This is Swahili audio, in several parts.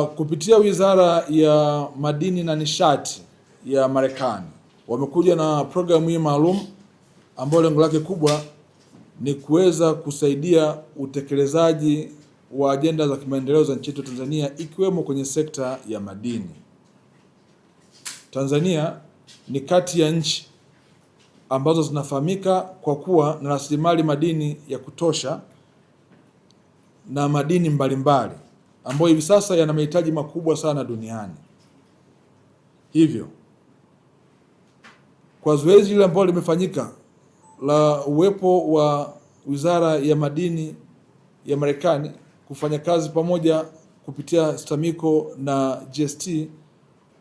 Uh, kupitia Wizara ya Madini na Nishati ya Marekani wamekuja na programu hii maalum ambayo lengo lake kubwa ni kuweza kusaidia utekelezaji wa ajenda za kimaendeleo za nchi yetu Tanzania ikiwemo kwenye sekta ya madini. Tanzania ni kati ya nchi ambazo zinafahamika kwa kuwa na rasilimali madini ya kutosha na madini mbalimbali ambayo hivi sasa yana mahitaji makubwa sana duniani. Hivyo kwa zoezi lile ambalo limefanyika la uwepo wa Wizara ya Madini ya Marekani kufanya kazi pamoja kupitia STAMICO na GST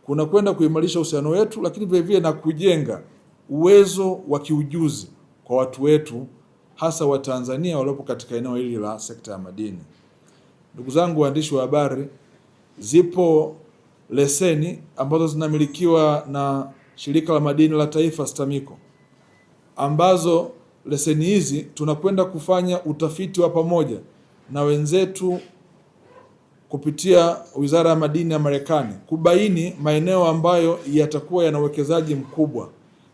kuna kwenda kuimarisha uhusiano wetu, lakini vile vile na kujenga uwezo wa kiujuzi kwa watu wetu hasa Watanzania waliopo katika eneo hili la sekta ya madini. Ndugu zangu waandishi wa habari, zipo leseni ambazo zinamilikiwa na shirika la madini la taifa STAMICO, ambazo leseni hizi tunakwenda kufanya utafiti wa pamoja na wenzetu kupitia Wizara ya Madini ya Marekani kubaini maeneo ambayo yatakuwa yana uwekezaji mkubwa,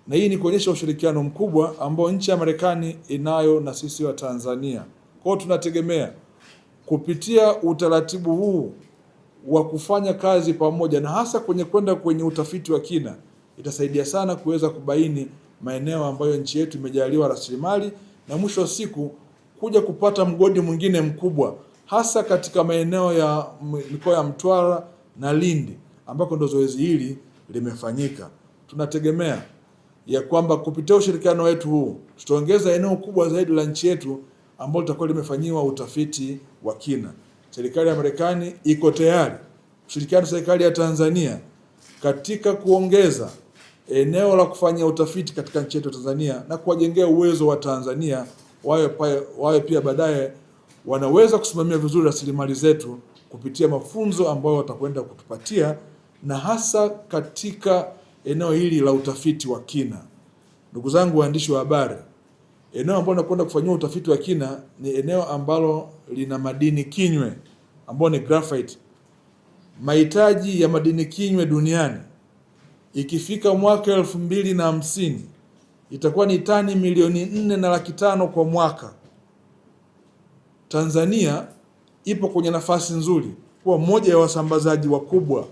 na hii ni kuonyesha ushirikiano mkubwa ambao nchi ya Marekani inayo na sisi wa Tanzania. Kwao tunategemea Kupitia utaratibu huu wa kufanya kazi pamoja na hasa kwenye kwenda kwenye utafiti wa kina, itasaidia sana kuweza kubaini maeneo ambayo nchi yetu imejaliwa rasilimali, na mwisho wa siku kuja kupata mgodi mwingine mkubwa hasa katika maeneo ya mikoa ya Mtwara na Lindi ambako ndo zoezi hili limefanyika. Tunategemea ya kwamba kupitia ushirikiano wetu huu tutaongeza eneo kubwa zaidi la nchi yetu ambalo litakuwa limefanyiwa utafiti wa kina. Serikali ya Marekani iko tayari kushirikiana na serikali ya Tanzania katika kuongeza eneo la kufanya utafiti katika nchi yetu ya Tanzania na kuwajengea uwezo wa Tanzania wawe, wawe pia baadaye wanaweza kusimamia vizuri rasilimali zetu kupitia mafunzo ambayo watakwenda kutupatia na hasa katika eneo hili la utafiti wa kina. Ndugu zangu waandishi wa habari, Eneo ambalo nakwenda kufanyia utafiti wa kina ni eneo ambalo lina madini kinywe ambayo ni graphite. Mahitaji ya madini kinywe duniani ikifika mwaka elfu mbili na hamsini itakuwa ni tani milioni nne na laki tano kwa mwaka. Tanzania ipo kwenye nafasi nzuri kuwa mmoja ya wasambazaji wakubwa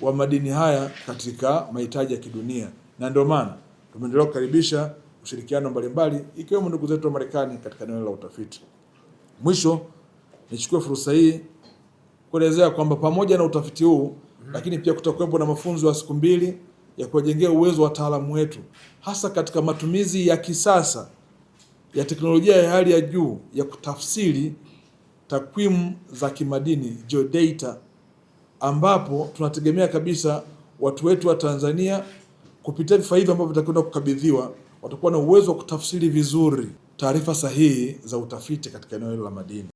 wa madini haya katika mahitaji ya kidunia, na ndio maana tumeendelea kukaribisha ushirikiano mbalimbali ikiwemo ndugu zetu wa Marekani katika eneo la utafiti. Mwisho, nichukue fursa hii kuelezea kwamba pamoja na utafiti huu lakini pia kutakuwepo na mafunzo ya siku mbili ya kuwajengea uwezo wa wataalamu wetu hasa katika matumizi ya kisasa ya teknolojia ya hali ya juu ya kutafsiri takwimu za kimadini geodata, ambapo tunategemea kabisa watu wetu wa Tanzania kupitia vifaa hivi ambavyo vitakwenda kukabidhiwa watakuwa na uwezo wa kutafsiri vizuri taarifa sahihi za utafiti katika eneo hilo la madini.